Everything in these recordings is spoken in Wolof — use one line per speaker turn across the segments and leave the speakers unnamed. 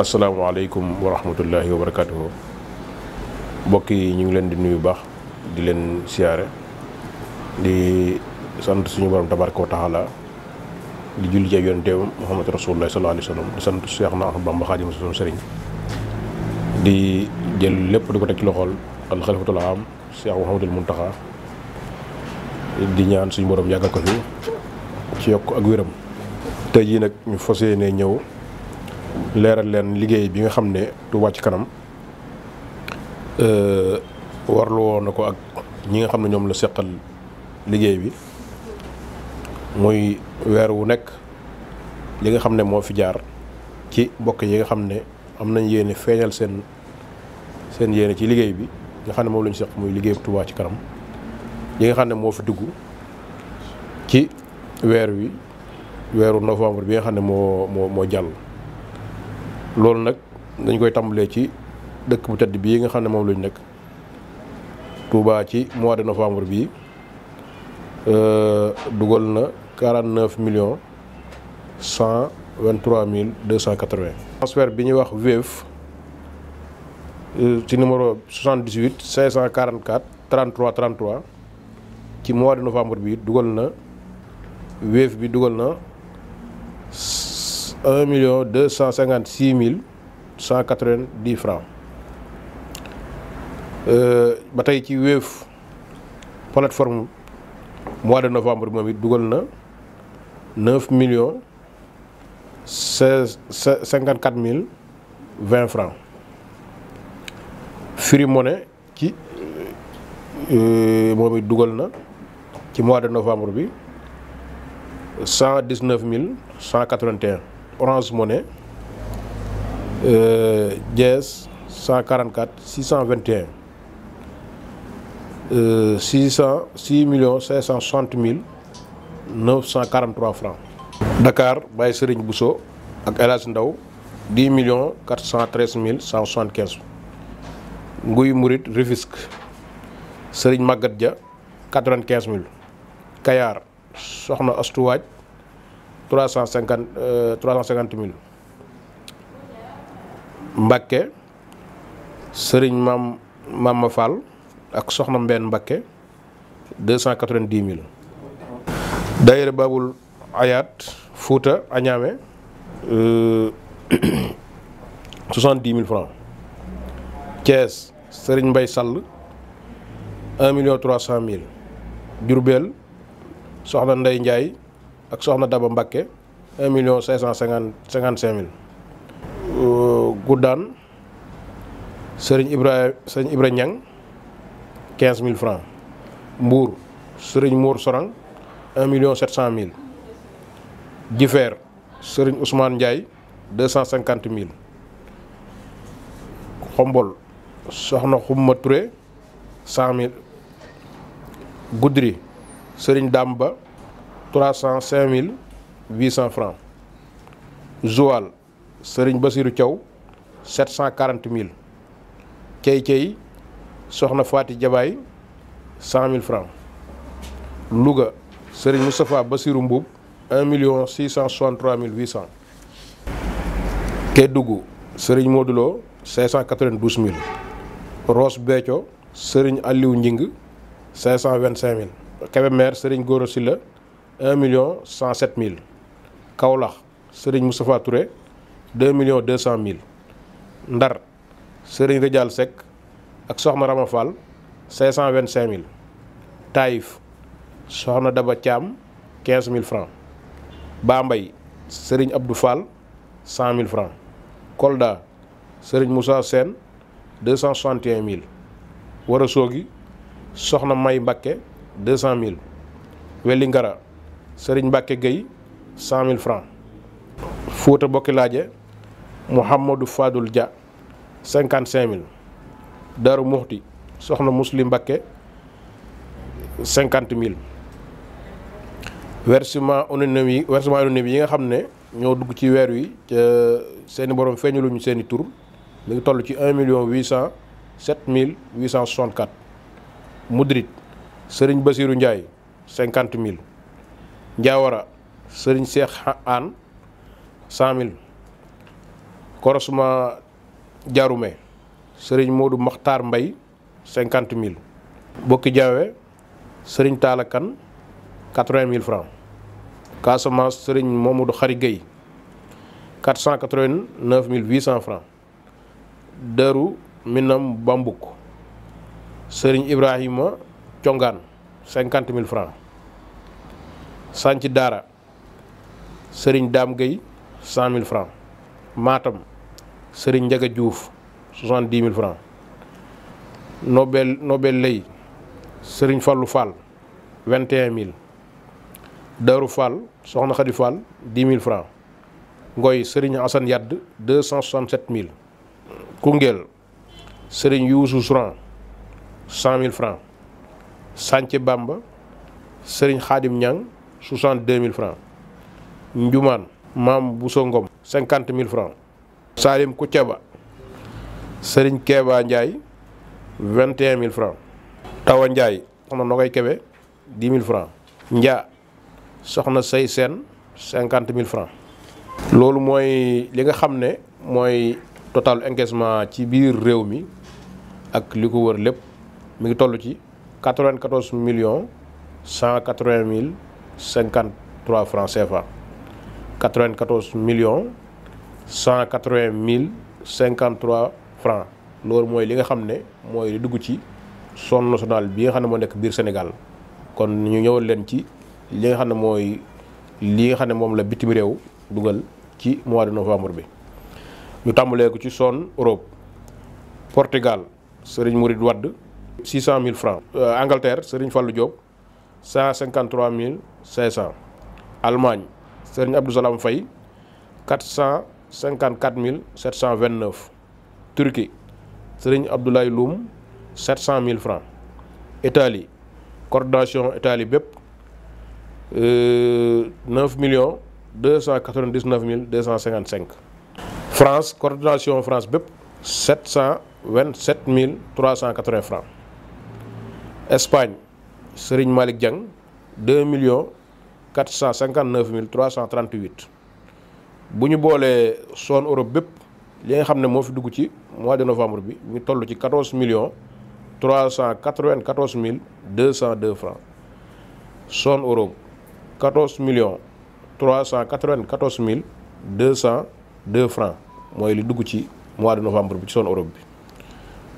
asalaamaaleykum wa rahmatullahi wa barakatuhu mbokk yi ñu ngi leen di nuyu baax di leen siyaare di sant suñu borom tabaraka wa taala di julli ci yoon teew Muhammad rasulullah sallallahu alayhi wa sallam di sant Cheikh na Ahmadu Bamba Xaadimu di jël lépp di ko teg ci loxool al xalifatul aam Cheikh Muhammadul Muntaxa di ñaan suñu borom yàggal ko fi ci yokk ak wéram tey jii nag ñu fas yéene ñëw leeral leen liggéey bi nga xam ne Touba ci kanam euh, warlu woon na ko ak ñi nga xam ne ñoom la seqal liggéey bi muy weer wu nekk li nga xam ne moo fi jaar ci mbokk yi nga xam ne am nañ yéene feeñal seen seen yéene ci liggéey bi nga xam ne moom lañu seq muy liggéey Touba ci kanam yi nga xam ne moo fi dugg ci weer wi weeru novembre bi nga xam ne moo moo moo jàll loolu nag dañ koy tàmbalee ci dëkk bu tedd bii nga xam ne moom lañu nekk Touba ci mois de novembre bii euh, dugal na quarante neuf millions cent vingt trois mille cent quatre vingt. bi ñuy wax Wave euh, ci numéro 78 544 33 ci mois de novembre bi dugal na Wave bi dugal na. un million deux cent cinquante six mille cent quatre vingt dix francs euh, ba tey ci Wave plateforme mois de novembre moom it dugal na neuf millions seize cinquante quatre mille vingt francs Free Money ci euh, moom it dugal na ci mois de novembre bi cent dix neuf mille cent quatre vingt un Orange Money Dièse 144 621 600 6 millions 560 mille 943 francs. Dakar Baye Serigne Bousso ak El Hadj Ndaw 10 millions 413 mille 175. Nguy Murit Rufisque Serigne Maguette Dia 95 mille. Kayar Soxna Astuwaaj. trois cent cinquante euh, trois cent cinquante mille Mbacke sëriñ maam Mama Fall ak soxna Mbène Mbacke deux cent quatre vingt dix mille. Daayira Babul Ayaat Fouta Añaame euh, soixante dix mille francs Thiès sëriñ Mbay Sall un million trois cent mille Diourbel soxna Ndey Ndiaye. ak soxna Daba Mbakke un million cinq cent cinquante cinquante cinq mille euh, Goudane Serigne Ibrahima Serigne Ibrahima Niang quinze mille francs Mbour Serigne Mour Sorang un million sept cent mille Jifeer Serigne Ousmane Ndiaye deux cent cinquante mille Xombol soxna Xumma Touré cent mille Goudiri Serigne Damba trois cent mille huit cent francs Joal Serigne Bassirou Thiaw sept cent quarante mille Cey Cey Soxna Faati Jabaay cent mille francs Louga Serigne Moustapha Bassirou Mbuub un million six cent soixante trois mille huit cent Kédougou Serigne Modou Lo cinq cent quatre vingt mille Ross Béthio Serigne Aliou Njing cinq cent vingt cinq mille Kébémer Serigne Goro un million cent sept mille Kaolack Serigne Moustapha Touré deux millions deux cent mille Ndar Serigne Redial Seck ak Soxna Rama Fall cinq cent vingt cinq mille Taïf Soxna Daba Thiam quinze mille francs mbay Serigne Abdou Fall cent mille francs Kolda Serigne Moussa Sène deux cent soixante et mille Ourossogui Soxna May Mbacké deux cent mille Serigne Mbacke Gueye cent mille francs Fouta Bokki Laaje Mouhamadou Fadul Dia cinquante cinq mille daru Muxti soxna Muslim Mbacke cinquante mille versement anonyme yi versement anonyme yi nga xam ne ñoo dugg ci weer wi ca seeni borom feeñaluñu seeni tur mi ngi toll ci un million huit cent sept mille huit cent soixante-quatre Moudrit Serigne Basirou Ndiaye cinquante mille Njawara Serigne Cheikh An 100000 Korosma Diaroume Serigne Modou Makhtar Mbay 50000 Bokki Diawé Serigne Talla Kane 80000 francs Casamance Serigne Momadou Khary Gueye 489 800 francs Minam Bambouk Serigne Ibrahima Congaan 50 000 francs sànc daara sëriñ Dame Gueye cent mille francs Matam sëriñ Ndiaga Diouf soixante dix mille francs Nobel Nobel Lay sëriñ Fallou Fall vingt et un mille Darou Fall soxna Khady Fall dix mille francs Ngoy sëriñ Assane Yadd deux cent soixante sept mille Koungheul sëriñ Youssou Souran cent mille francs Sànc Bamba sëriñ Khadim Niang soixante-deux mille francs Njumaan Maam Bousso Ngom cinquante mille francs Salim Koutiaba Serigne Keba Ndiaye vingt et mille francs Tawa Ndiaye soxna Nogoy Kebe mille francs Ndia soxna Sey Sène cinquante mille francs loolu mooy li nga xam ne mooy total encaissement ci biir réew mi ak li ko wër lépp mi ngi toll ci million millions 180 mille 53 francs CFA 94 millions 180 mille 53 francs loolu mooy li nga xam ne mooy li dugg ci sonn national bi nga xam ne moo nekk biir Sénégal kon ñu ñëwal leen ci li nga xam ne mooy li nga xam ne moom la bitim réew dugal ci mois de novembre bi ñu tàmbalee ko ci zone Europe Portugal Serigne Mouride Wade 600 000 francs euh, Angleterre Serigne Fallou Diop 153 000 500 Allemagne Serigne Abdou Salam Faye 454 729 Turquie Serigne Abdoulaye Loum 700 000 francs Italie coordination Italie bépp 9 euh, millions 299 mille 255 France coordination France bépp 727 mille 380 francs Espagne Serigne Malick Dieng 2 millions quatre cent cinquante neuf mille trois cent trente huit bu ñu boolee zone Europe bépp li nga xam ne moo fi dugg ci mois de novembre bi ñu toll ci quatorze millions trois cent quatre vingt quatorze mille deux cent deux francs zone Europe quatorze million trois cent quatre vingt quatorze mille deux cent deux francs mooy li dugg ci mois de novembre bi ci zone Europe bi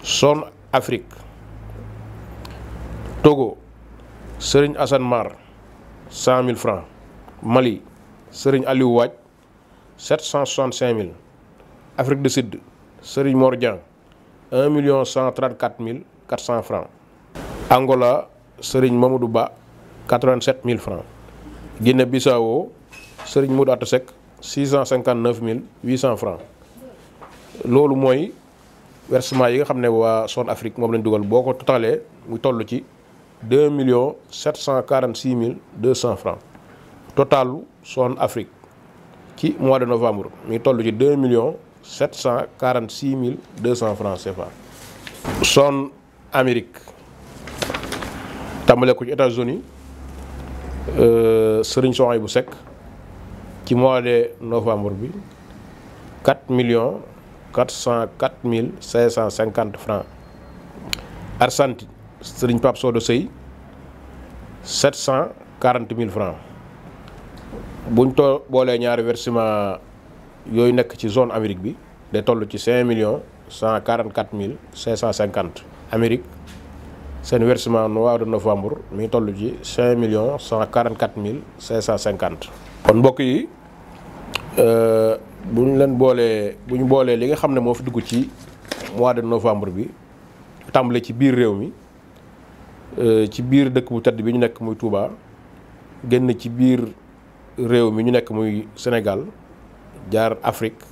zone Afrique Togo Serigne Assane Mar cent mille francs Mali Serigne Aliou Waaj cent soixante cinq mille Afrique du Sud Serigne Mor Dieng un million cent trent quatre mille quatre cent francs Angola Serigne Mamadou Ba quatre vingt sept mille francs Guinée Bissau Serigne Modou Atta Seck six cent cinquante neuf mille huit cent francs loolu mooy versement yi nga xam ne waa Son Afrique moom lañ dugal boo ko totalee mu toll ci. deux millions sept cent quarante six mille deux cent francs totalu Son Afrique ci mois de novembre mi ngi toll ci deux millions sept cent quarante six mille deux cent francs CFA. Son Amérique tàmbale ko ci États-Unis euh, Serigne Soxay bu Seck ci mois de novembre bi quatre million quatre cent quatre mille cinq cent cinquante francs Argentine sëriñ Pape Sodo Sey sept cent quarante mille francs buñ too boolee ñaari versement yooyu nekk ci zone Amérique bi day toll ci cinq millions cent quarante quatre mille cinq cent cinquante Amérique seen versement mois de novembre mi toll ci cinq millions cent quarante quatre mille cinq cent cinquante. kon mbokk yi euh, bu leen boolee bu ñu boolee li nga xam ne moo fi dugg ci mois de novembre bi tàmbale ci biir réew mi. Euh, ci biir dëkk bu tedd bi ñu nekk muy Touba génn ci biir réew mi ñu nekk muy Sénégal jaar Afrique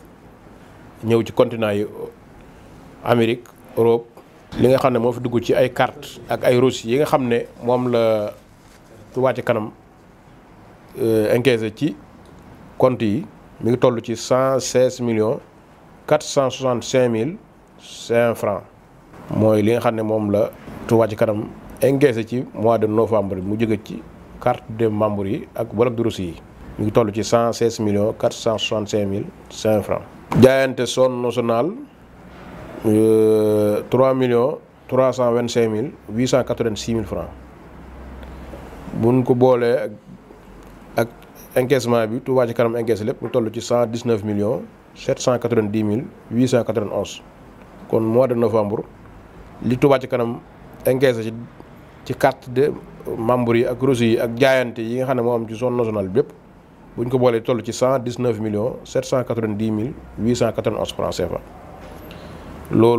ñëw ci continent yi Amérique Europe. li nga xam ne moo fi dugg ci ay carte ak ay Russie yi nga xam ne moom la Touba ci kanam euh, encaissé ci compte yi mi ngi toll ci cent seize millions quatre cent soixante cinq mille cinq francs mooy li nga xam ne moom la Touba ci kanam. encaissé ci mois de novembre mu jóge ci carte de membre yi ak bloc de reçu yi ñu ngi toll ci cent seize millions quatre cent soixante cinq mille cinq francs jaayante zone nationale euh, trois millions trois cent vingt cinq mille huit cent quatre vingt six mille francs buñ ko boolee ak ak encaissement bi Touba ci kanam encaissé lépp ñu toll ci cent dix neuf millions sept cent quatre vingt dix mille huit cent quatre vingt onze kon mois de novembre li Touba ci kanam encaissé ci ci carte de membre yi ak reçu yi ak jaayante yi nga xam ne am ci zone nationale bépp bu ñu ko boolee toll ci cent dix neuf millions sept cent quatre vingt dix mille huit cent quatre vingt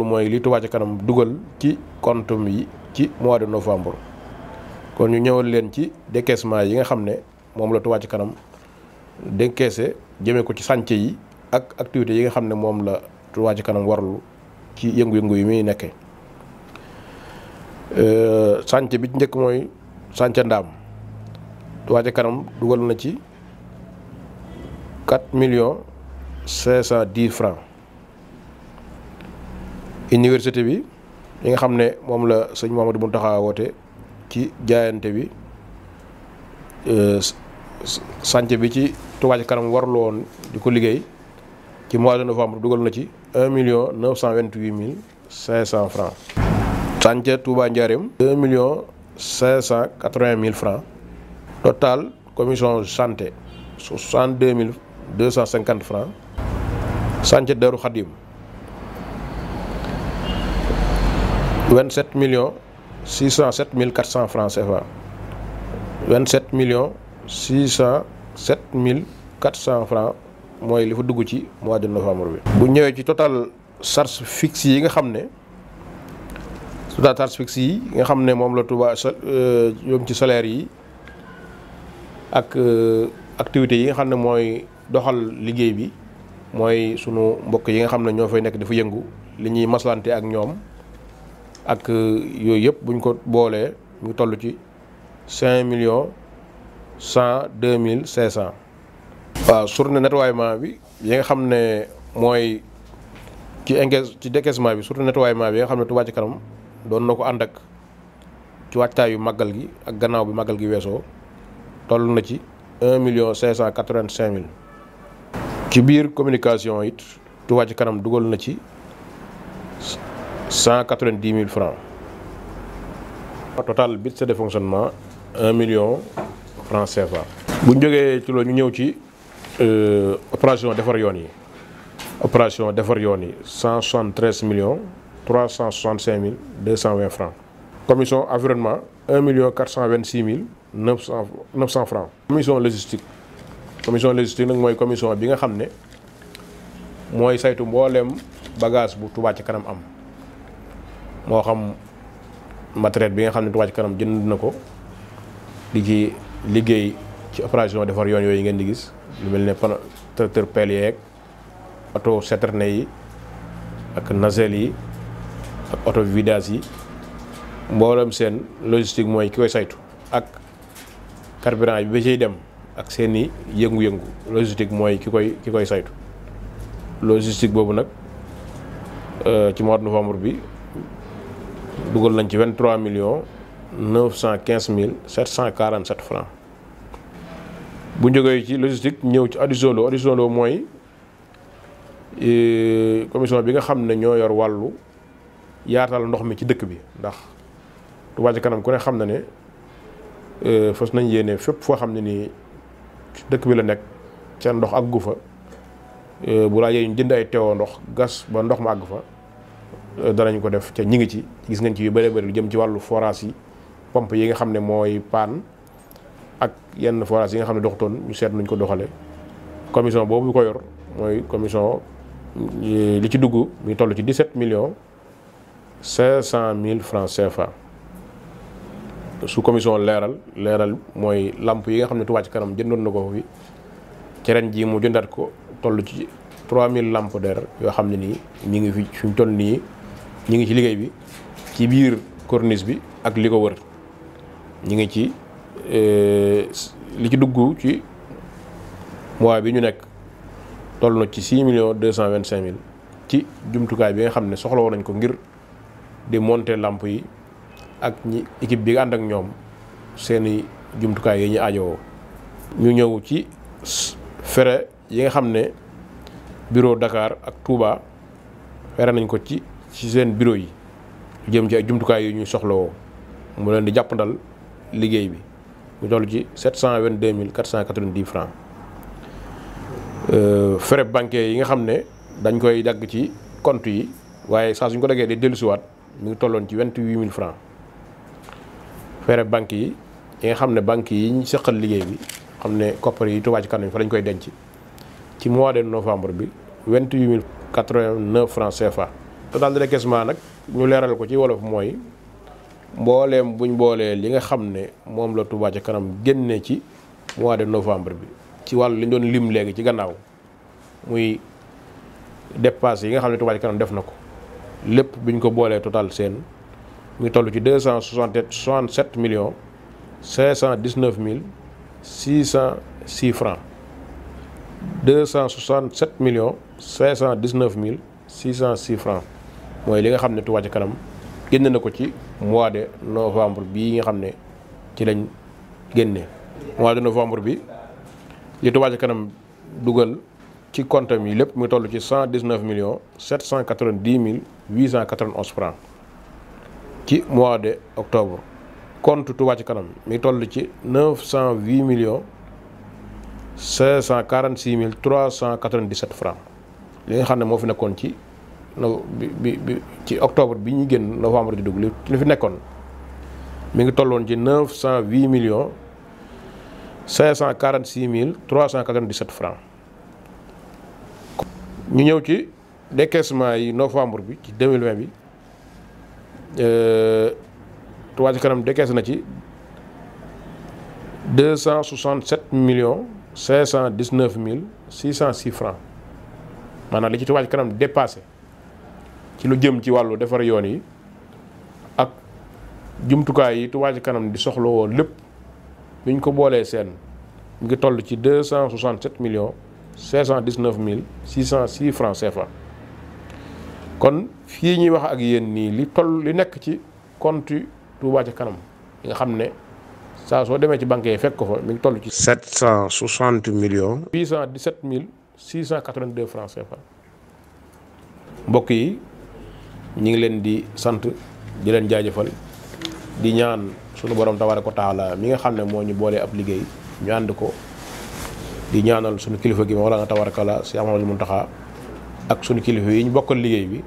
mooy li Touba ca dugal ci compte yi ci mois de novembre kon ñu ñëwal leen ci décaissement yi nga xam ne moom la Touba ca kanam décaissé jëmee ko ci sànce yi ak activités yi nga xam ne moom la Touba ca kanam warlu ci yëngu-yëngu yi muy nekkee. Euh, chantier bi ci njëkk mooy chantier ndaam Touba kanam dugal na ci 4 millions 510 francs université bi yi nga xam ne moom la sëñ Mouhamadou Mountakha woote ci jaayante bi euh, chantier bi ci Touba kanam warlu di ko liggéey ci mois de novembre dugal na ci un million cent 928 mille 500 francs Sànce Touba Ndiarème. 2 millions 580 mille francs total commission santé 62 mille 250 francs Sànce Darou Khadim 27 millions 607 mille 400 francs CFA 27 millions 607 mille 400 francs mooy li fa dugg ci mois de novembre bi. bu ñëwee ci total charge fixe yi nga xam ne. Touba Tarfix yi nga xam ne moom la Touba so euh, ci solaire yi ak euh, activités yi nga xam ne mooy doxal liggéey bi mooy sunu mbokk yi nga xam ne ñoo fay nekk dafa yëngu li ñuy maslante ak ñoom ak euh, yooyu yëpp buñ ko boolee ñu toll ci cinq millions cent deux mille cinq cent. waaw journée nettoiement bi yi nga xam ne mooy ci engrais ci décaissement bi surtout nettoiement bi nga xam ne Touba ci kanam. doon na ko ànd ak ci waajtaayu màggal gi ak gannaaw bi màggal gi weesoo toll na ci un million cinq cent quatre cinq mille ci biir communication it ci ci kanam dugal na ci cent quatre-vingt-dix mille francs total budget de fonctionnement un million francs CFA. bu ñu ci loolu ñu ñëw ci euh, opération defar yoon yi opération defar yoon yi cent soixante-treize millions. 365 mille 220 francs commission environnement 1 million 426 mille 900 900 francs commission logistique commission logistique nag mooy commission bi nga xam ne mooy saytu mbooleem bagage bu Touba ci Kanam am moo xam matériel bi nga xam ne Touba Ca Kanam jënd na ko di liggéey ci opération defar yoon yooyu ngeen di gis lu mel ne pan tracteur pelle yeeg oto citerne yi ak nacelle yi ak auto vidage yi mboolem seen logistique mooy ki koy saytu ak carburant bi ba ciy dem ak seeni i yëngu-yëngu logistique mooy ki koy ki koy saytu logistique boobu nag euh, ci mois de novembre bi dugal nañ ci vingt trois millions neuf cent quinze mille sept cent quarante sept francs bu jógee ci logistique ñëw ci additionnel additionnel mooy euh, commission bi nga xam ne ñoo yor wàllu. yaatal ndox mi ci dëkk bi ndax Touba Ca Kanam ku ne xam na ne euh, fos nañ yéene fépp foo xam ne nii dëkk bi la nekk ca ndox ak gu fa euh, bu laajee ñu jënd ay teewoo ndox gas ba ndox ma àgg fa euh, danañ ko def ca ñi ngi ci gis ngeen ci yu bëree bëri lu jëm ci wàllu forage yi pompe yi nga xam ne mooy paan ak yenn forage yi nga xam ne doxutoon ñu seet nañ ko doxale commission boobu ko yor mooy commission li ci dugg mi toll ci 17 millions cinq cent mille francs CFA su commission leeral leeral mooy lamp yi nga xam ne Touba ci Kanam jëndoon na ko fi ci ren jii mu jëndaat ko toll ci trois mille lampadaires yoo xam ne nii ñu ngi fi fi mu toll nii ñu ngi ci liggéey bi ci biir corniche bi ak li ko wër ñu ngi ci euh, li ci dugg ci mois bi ñu nekk toll na ci six millions deux cent vingt cinq mille ci jumtukaay bi nga xam ne soxla woon nañ ko ngir. di monter làmp yi ak ñi équipe bi ànd ak ñoom seeni jumtukaay yi ñu aajowoo. ñu ñëw ci fere yi nga xam ne bureau Dakar ak Touba fere nañ ko ci ci seen bureau yi jëm ci ay jumtukaay yi ñuy soxlawoo mu leen di jàppandal liggéey bi mu toll ci sept cent vingt deux mille quatre cent quatre vingt dix francs euh, frais bancaires yi nga xam ne dañ koy dagg ci conte yi waaye saa suñ ko degee daggee day dellusiwaat. mi ngi tolloon ci vingt huit mille francs fere banque yi yi nga xam ne banque yi ñu sëqal liggéey bi xam ne koppar yi Touba Ca Kanam fa lañ koy denc ci mois de novembre bi vingt huit mille quatre vingt neuf francs CFA. total de décaissement nag ñu leeral ko ci wolof mooy mbooleem buñ boolee li nga xam ne moom la Touba Ca Kanam génne ci mois de novembre bi ci wàllu li doon lim léegi ci gannaaw muy dépense yi nga xam ne Touba Ca Kanam def na ko. lépp bi ñu ko boolee total seen muy toll ci deux cent soixante sept millions cinq cent dix neuf mille six cent six francs deux cent soixante sept millions cinq cent dix neuf mille six cent six francs mooy li nga xam ne Touba Kanam génn na ko ci mois de novembre bii nga xam ne ci lañ génne mois de novembre bi li Touba Kanam dugal. ci compte yi lépp mu toll ci cent dix neuf millions sept cent quatre vingt dix mille huit cent quatre vingt onze francs ci mois de octobre compte Touba Ca Kanam mi toll ci neuf cent huit millions cinq cent quarante six mille trois cent quatre vingt dix sept li nga xam ne moo fi nekkoon ci no octobre bi ñu génn novembre di dugg li fi nekkoon mi ngi tolloon ci neuf cent huit millions cinq cent quarante six mille trois cent quatre vingt dix sept francs ñu ñëw ci décaissement yi novembre bi ci 2020 bi euh, Touba Ca Kanam décaissé na ci deux cent soixante sept million cinq cent dix neuf mille six cent six francs maanaam li ci Touba Ca Kanam dépassé ci lu jëm ci wàllu defar yoon yi ak jumtukaay yi Touba Ca Kanam di soxla woon lépp bu ñu ko boolee seen mu ngi tollu ci deux cent soixante sept millions. cinq cent dix neuf mille six cent six francs CFA kon fii ñuy wax ak yéen nii li toll li nekk ci compte Touba ci kanam yi nga xam ne saa soo demee ci banque yi fekk ko fa mi ngi toll ci. sept cent soixante millions. huit cent dix sept mille six cent quatre vingt deux francs mbokk yi ñu ngi leen di sant di leen jaajëfal di ñaan sunu borom tabaaraka wa taala mi nga xam ne moo ñu boolee ab liggéey ñu ànd ko. di ñaanal suñu kilifa gi wala nga tabarakala si Amadou Muntaxa ak suñu kilifa yi ñu bokkal liggéey bi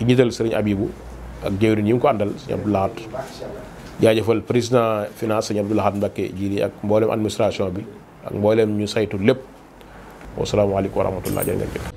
ci njiital seriñ Abibu ak jëwriñ yi mu ko àndal sëriñ Abdou Lahad jaajëfal président finance sëriñ Abdou Lahad Mbacké jii ak mboolem administration bi ak mboolem ñu saytu lépp wasalaamaaleykum wa rahmatullah jërë ngeen jëf